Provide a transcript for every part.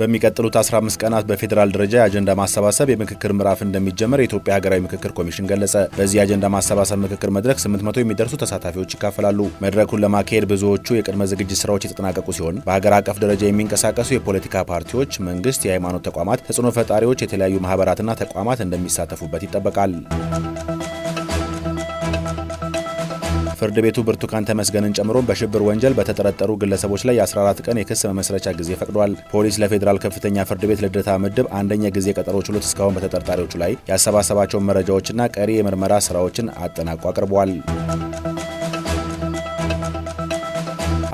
በሚቀጥሉት 15 ቀናት በፌዴራል ደረጃ የአጀንዳ ማሰባሰብ የምክክር ምዕራፍ እንደሚጀመር የኢትዮጵያ ሀገራዊ ምክክር ኮሚሽን ገለጸ። በዚህ የአጀንዳ ማሰባሰብ ምክክር መድረክ 800 የሚደርሱ ተሳታፊዎች ይካፈላሉ። መድረኩን ለማካሄድ ብዙዎቹ የቅድመ ዝግጅት ስራዎች የተጠናቀቁ ሲሆን በሀገር አቀፍ ደረጃ የሚንቀሳቀሱ የፖለቲካ ፓርቲዎች፣ መንግስት፣ የሃይማኖት ተቋማት፣ ተጽዕኖ ፈጣሪዎች፣ የተለያዩ ማህበራትና ተቋማት እንደሚሳተፉበት ይጠበቃል። ፍርድ ቤቱ ብርቱካን ተመስገንን ጨምሮ በሽብር ወንጀል በተጠረጠሩ ግለሰቦች ላይ የ14 ቀን የክስ መመስረቻ ጊዜ ፈቅዷል። ፖሊስ ለፌዴራል ከፍተኛ ፍርድ ቤት ልደታ ምድብ አንደኛ ጊዜ ቀጠሮ ችሎት እስካሁን በተጠርጣሪዎቹ ላይ ያሰባሰባቸውን መረጃዎችና ቀሪ የምርመራ ስራዎችን አጠናቆ አቅርቧል።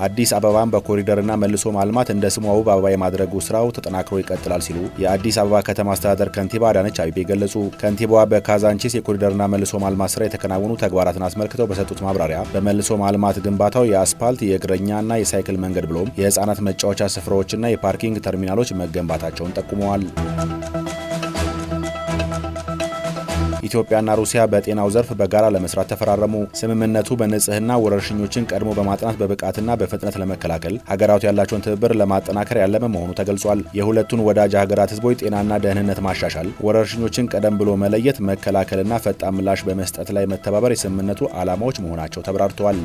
አዲስ አበባን በኮሪደርና መልሶ ማልማት እንደ ስሟ ውብ አበባ የማድረጉ ስራው ተጠናክሮ ይቀጥላል ሲሉ የአዲስ አበባ ከተማ አስተዳደር ከንቲባ አዳነች አቤቤ ገለጹ። ከንቲባዋ በካዛንቺስ የኮሪደርና መልሶ ማልማት ስራ የተከናወኑ ተግባራትን አስመልክተው በሰጡት ማብራሪያ በመልሶ ማልማት ግንባታው የአስፓልት የእግረኛና የሳይክል መንገድ ብሎም የህፃናት መጫወቻ ስፍራዎችና የፓርኪንግ ተርሚናሎች መገንባታቸውን ጠቁመዋል። ኢትዮጵያና ሩሲያ በጤናው ዘርፍ በጋራ ለመስራት ተፈራረሙ። ስምምነቱ በንጽህና ወረርሽኞችን ቀድሞ በማጥናት በብቃትና በፍጥነት ለመከላከል ሀገራቱ ያላቸውን ትብብር ለማጠናከር ያለመ መሆኑ ተገልጿል። የሁለቱን ወዳጅ ሀገራት ህዝቦች ጤናና ደህንነት ማሻሻል፣ ወረርሽኞችን ቀደም ብሎ መለየት፣ መከላከልና ፈጣን ምላሽ በመስጠት ላይ መተባበር የስምምነቱ ዓላማዎች መሆናቸው ተብራርተዋል።